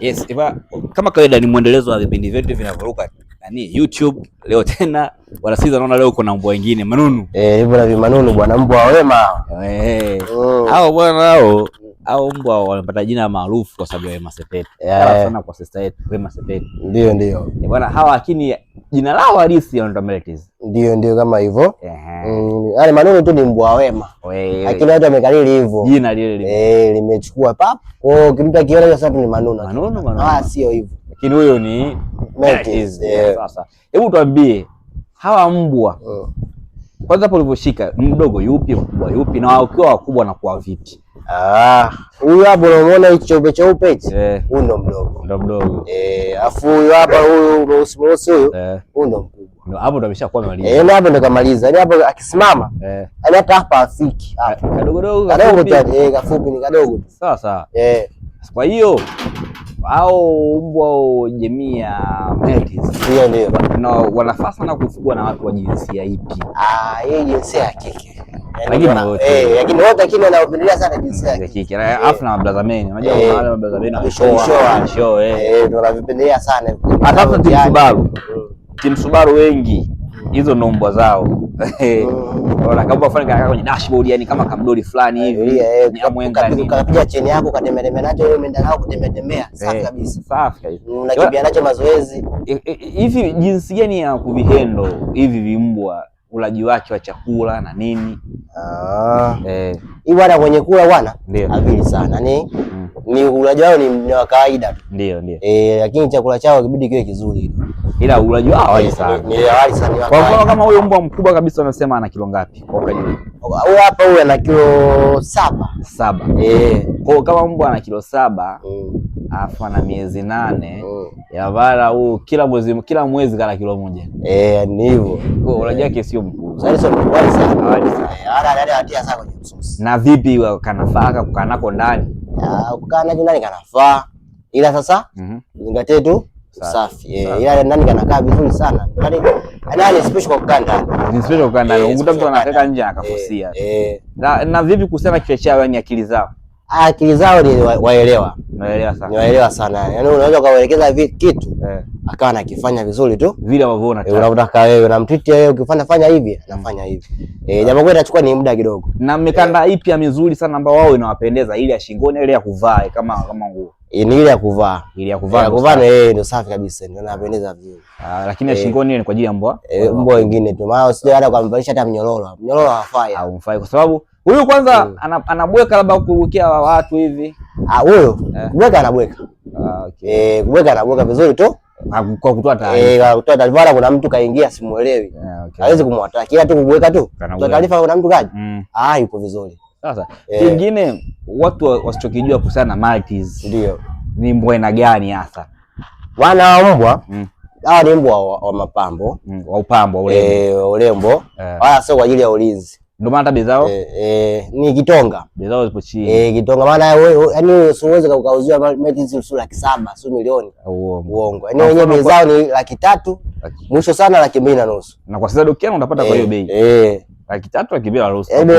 Yes, iba, kama kawaida ni mwendelezo wa vipindi vyetu vinavyoruka nani YouTube. Leo tena wanasiza naona leo kuna mbwa wengine manunu eh, na vimanunu bwana, mbwa wema eh, oh. hao bwana hao au mbwa wanapata jina maarufu kwa sababu ya Wema Sepetu yeah. Sana kwa sister yetu Wema Sepetu, ndio ndio eh, bwana hawa, lakini jina lao halisi ni Meltis ndio, ndio kama hivyo mm, yaani manunu tu ni mbwa wema, lakini watu wamekalili hivyo jina lile lime. E, eh, limechukua pap kwao, kimtu akiona sasa tu ni Manunu. Manunu, Manunu. ah, sio hivyo, lakini huyo ni sasa. Hebu tuambie hawa mbwa mm. Kwanza hapo ulivyoshika mdogo yupi mkubwa yupi na wakiwa wakubwa na kuwa vipi? Ah, huyu hapo unaona hicho cheupe cheupe hicho. Eh. Huyu ndo mdogo. Ndo mdogo. Eh, afu huyu hapa huyu mweusi mweusi huyu. Eh. Huyu ndo mkubwa. Ndio hapo ndo ameshakuwa amemaliza. Eh, hapo ndo kamaliza. Yaani hapo akisimama. Eh. Yaani hata hapa afiki. Eh, kadogo dogo. Kadogo tu eh, kafupi ni kadogo. Sawa sawa. Eh. Kwa hiyo au mbwa au jamii ya Maltese. Hiyo ndio. Na wanafaa sana kufugwa na watu wa jinsia ipi? Ah, yeye jinsia ya kike. Lakini eh, lakini wote lakini wanaopendelea sana jinsia ya kike. Afu na mabrazameni. Unajua eh, kuna wale mabrazameni na Show Show, eh. Eh, ndio wanavipendelea sana. Hata timu Subaru. Mm. Timu Subaru wengi mm. hizo ndio mbwa zao. Unaona kama fulani kaka kwenye dashboard yani kama kamdoli fulani hivi. Ni ni. Kapiga cheni yako ukatembea nacho yeye umeenda nao kutembea tembea eh, safi kabisa. Safi kabisa. Mm, unakimbia nacho mazoezi. Hivi jinsi gani ya kuvihendo hivi vimbwa ulaji wake wa chakula na nini? Ah. Eh. Hii bwana kwenye kula bwana. Ndio. Avili sana ni mm. ni ulaji wao ni wa kawaida Ndio, ndio. Eh, lakini chakula chao kibidi kiwe kizuri ila ulaji wao wali sana. Kwa mfano kama huyo mbwa mkubwa kabisa unasema ana kilo ngapi? Kwa ukajua hapa huyu ana kilo saba saba. Eh, kwa kama mbwa ana kilo saba mm. afu ana miezi nane mm. ya bara huu kila mwezi kila mwezi kana kilo moja. Eh, ni hivyo. Kwa hiyo ulaji wake sio mkubwa. Sasa sio mkubwa sana. Wali sana. Eh, Na vipi kanafaa kukaa nako ndani? Ah, kukaa nako ndani kanafaa. Ila sasa, mm -hmm. zingatie tu safi. Eh, yale ndani yanakaa vizuri sana. Yaani special yaani kwa kukaa ndani. special kwa ndani. Eh, Ukuta mtu anaweka nje akafusia. Eh, eh. Na na vipi kusema kichwa chao yaani akili zao? Ah, akili zao ni waelewa. Naelewa sana. Naelewa sana. Yaani unaweza kuelekeza kitu eh, akawa anakifanya vizuri tu. Vile ambavyo unataka. Unataka wewe na mtiti wewe ukifanya fanya hivi, anafanya hivi. Eh, japo kwa itachukua ni muda kidogo. Na mmekanda ipi ya mizuri sana ambao wao inawapendeza ile ya shingoni ile ya kuvaa kama kama nguo. Eh, ni ile ya kuvaa ile ya eh, kuvaa kuvaa, ni eh, ndio safi kabisa, ndio anapendeza vizuri. Ah, lakini ya shingoni ni kwa ajili ya mbwa mbwa wengine tu, maana sio hata kwa mvalisha hata mnyororo mnyororo hafai, au ah, mfai kwa sababu huyu kwanza hmm. anabweka, labda kuwekea watu hivi. Ah, huyo kubweka anabweka. Ah, okay eh, kubweka anabweka vizuri tu ah, kwa kutoa taarifa eh, kwa kutoa taarifa. Kuna mtu kaingia, simuelewi, ah, hawezi kumwataki, ila tu kubweka tu, kutoa taarifa. Kuna mtu kaja, hmm. ah, yuko vizuri. Sasa eh. pengine yeah. watu wasichokijua kuhusiana na Maltese ndio ni mbwa aina gani hasa? Wana wa mbwa mm. hawa ni mbwa wa, wa mapambo mm. wa upambo urembo, e, urembo. Yeah. wala sio kwa ajili ya ulinzi ndio maana tabia zao eh, e, ni kitonga. Tabia zao zipo chini. Eh, kitonga maana yaani usiweze kukauzia Maltese sio laki saba, sio milioni. Uongo. Yaani wenyewe bei ni laki tatu, mwisho sana laki mbili na nusu. Na kwa sasa dukani unapata kwa hiyo bei. Eh laki tatu laki bei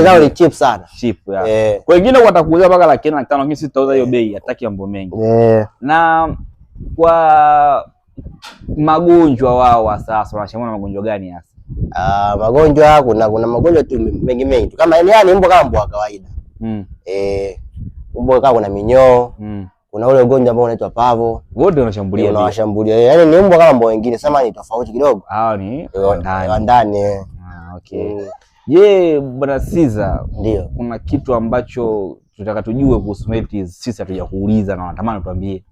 zao ni cheap sana. Cheap ya. Yeah. Wengine mpaka laki tano lakini sisi tutauza hiyo bei hataki mambo mengi. Yeah. Na kwa magonjwa wao wa sasa magonjwa gani hasa? Ah, magonjwa kuna kuna magonjwa tu mengi mengi Kama yani mbwa kama mbwa kawaida. Mm. Eh, mbwa kama kuna minyoo. Mm. Kuna ule ugonjwa ambao unaitwa pavo. Wote wanashambulia. Yaani ni mbwa kama mbwa wengine, sema ni tofauti kidogo. Ah, ni wa ndani. Wa ndani. Eh. Ah, okay. Mm. Je, bwana Siza, ndio kuna kitu ambacho tutaka tujue kuhusu Meltis, sisi hatuja kuuliza na wanatamani tuambie.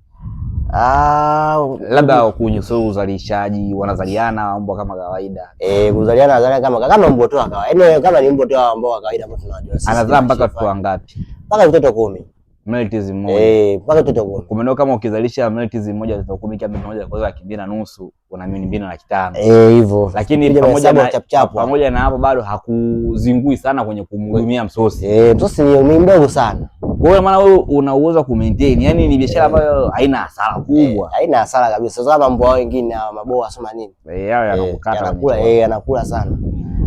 Ah, labda so uzalishaji, wanazaliana mbwa kama kawaida. Eh, kuzaliana zaliana kama kama mbwa tu kawaida. Yaani kama ni mbwa tu ambao kawaida ambao tunawajua Anazaa mpaka watoto wangapi? Mpaka watoto kumi. Meltizi moja. Eh, mpaka tutakuwa. Kumenoka kama ukizalisha meltizi moja lita 10 kama moja kwa laki mbili na nusu una milioni mbili na laki tano. Eh, hivyo. Lakini pamoja na chapchapo. Pamoja na hapo bado hakuzingui sana kwenye kumhudumia msosi. Eh, msosi ni mdogo sana. Kwa hiyo maana wewe una uwezo ku maintain. Yaani ni biashara eh. ambayo haina hasara kubwa. Eh, haina hasara kabisa. Sasa kama mbwa wengine hawa maboa sema nini? Eh, yao eh, yanakukata. Anakula eh, yanakula sana.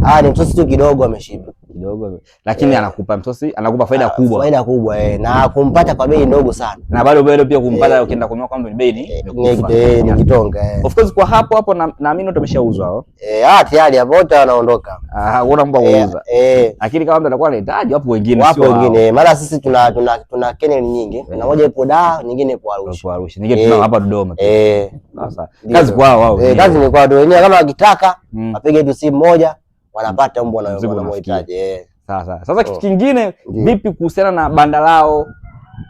Ah, ni msosi tu kidogo ameshiba kidogo, lakini yeah. anakupa mtosi, anakupa faida ah, kubwa, faida kubwa eh, na mm. kumpata kwa bei ndogo sana, na bado bado pia kumpata yeah. ukienda kununua kwamba ni bei ni eh, ni kitonga eh. Of course kwa hapo hapo naamini na tumeshauzwa hao oh. eh, ah tayari hapo wote wanaondoka, ah kuna mba eh, kuuza eh, lakini kama mtu anakuwa anahitaji wapo wengine, wapo wengine, eh, mara sisi tuna tuna tuna kennel nyingi, na eh. moja ipo da nyingine ipo Arusha, ipo Arusha nyingine tuna hapa Dodoma eh. Sasa kazi kwao wao, kazi ni kwao wenyewe, kama wakitaka mm. apige tu simu moja wanapata mbwa na wanamhitaji. Eh. Sasa sasa, kitu oh. kingine vipi kuhusiana na banda lao?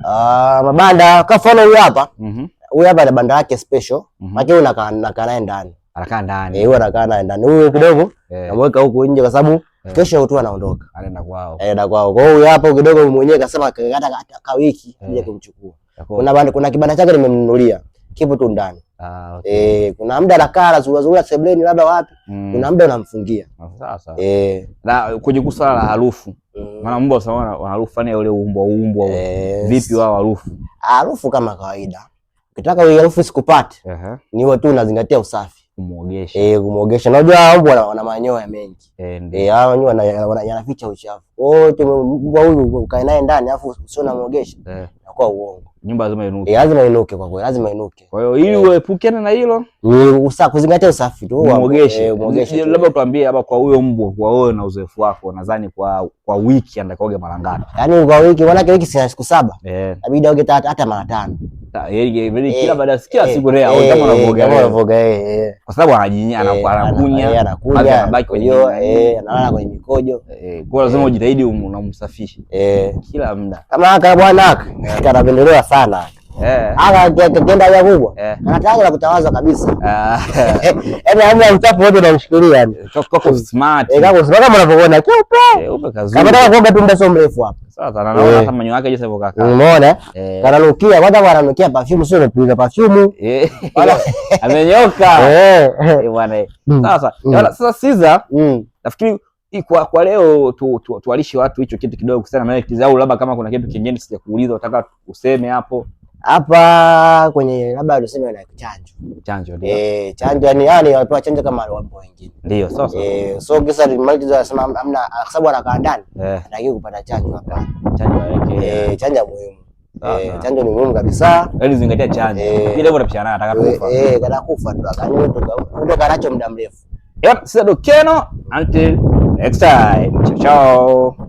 Ah, mabanda kwa mfano huyu hapa mhm. huyu hapa ana banda yake special, lakini mhm. unakaa naye ndani anakaa ndani eh, huyu anakaa naye ndani huyu kidogo namweka eh. huko nje kwa sababu kesho tu anaondoka anaenda kwao, anaenda kwao. Kwa hiyo hapo kidogo mwenyewe kasema hata ka wiki kuja kumchukua. Kuna banda, kuna kibanda chake nimemnunulia kipo tu ndani. Ah, eh, okay. Eh, kuna muda anakala zurura zurura sebleni labda wapi? Mm. Kuna muda unamfungia. Ah, Sasa. Eh, na kwenye kusala la harufu. Mm. Maana mbwa sana wana harufu yani ile umbwa umbwa. e, Vipi wao harufu? Harufu kama kawaida. Ukitaka ile harufu sikupate Uh -huh. Ni wewe tu unazingatia usafi kumuogesha. Eh, kumuogesha. Unajua hao mbwa wana manyoya mengi. Eh, eh hao nyua yanaficha uchafu. Wote mbwa huyu ukae naye ndani afu sio na muogesha. Eh. Inakuwa uongo. Nyumba lazima inuke. Eh, lazima inuke kwa kweli, lazima inuke. Kwa hiyo ili eh. uepukane na hilo, usafi, kuzingatia usafi tu. Muogeshe. Muogeshe. Labda tuambie hapa kwa huyo mbwa, kwa wewe na uzoefu wako, nadhani kwa kwa wiki anatakoga mara ngapi? Yaani kwa wiki, maana wiki sina siku saba. Eh. Inabidi aoge hata mara tano. Eh, eh, eh, kila baada ya sikia siku leo au kama unavoga kama unavoga eh, kwa sababu anajinya anakunya anakunya anabaki kwenye eh, analala kwenye mikojo eh. Kwa lazima ujitahidi unamsafisha eh kila muda, kama aka bwana haka kanapendelewa sana kienda eh. ya kubwa eh. Anataka la kutawaza kabisa. Yaani hamna mtapo wote unamshikilia yani. Eh, kako smart. Eh, kako smart kama unavyoona. Kiupe. Upe kazuri. Kama nataka kuoga tu muda sio mrefu hapa. Sasa naona hata manyo yake jinsi hivyo kaka. Unaona? Kananukia, kwanza kwa wananukia perfume sio unapiga perfume. Eh. amenyoka. Eh. Bwana. Mm. Mm. Sasa sasa Siza. Mm. Nafikiri kwa, kwa leo tu, tu, tu watu hicho kitu kidogo sana maana au labda kama kuna kitu kingine sijakuuliza utaka useme hapo hapa kwenye labda tuseme na chanjo chanjo, ndio eh, chanjo yani yani ah, wapewa chanjo kama wapo wengine, ndio sasa eh, so kisa ni mali mmoja anasema amna, ah, kwa sababu anakaa ndani eh. anataka kupata chanjo hapa, chanjo yake eh, eh, chanjo muhimu eh, chanjo ni muhimu kabisa, yani zingatia chanjo bila eh. bora pishana, ataka kufa eh, kana kufa tu wewe ndio kanacho muda mrefu. yep Sasa Dok Keno, until next time, ciao ciao.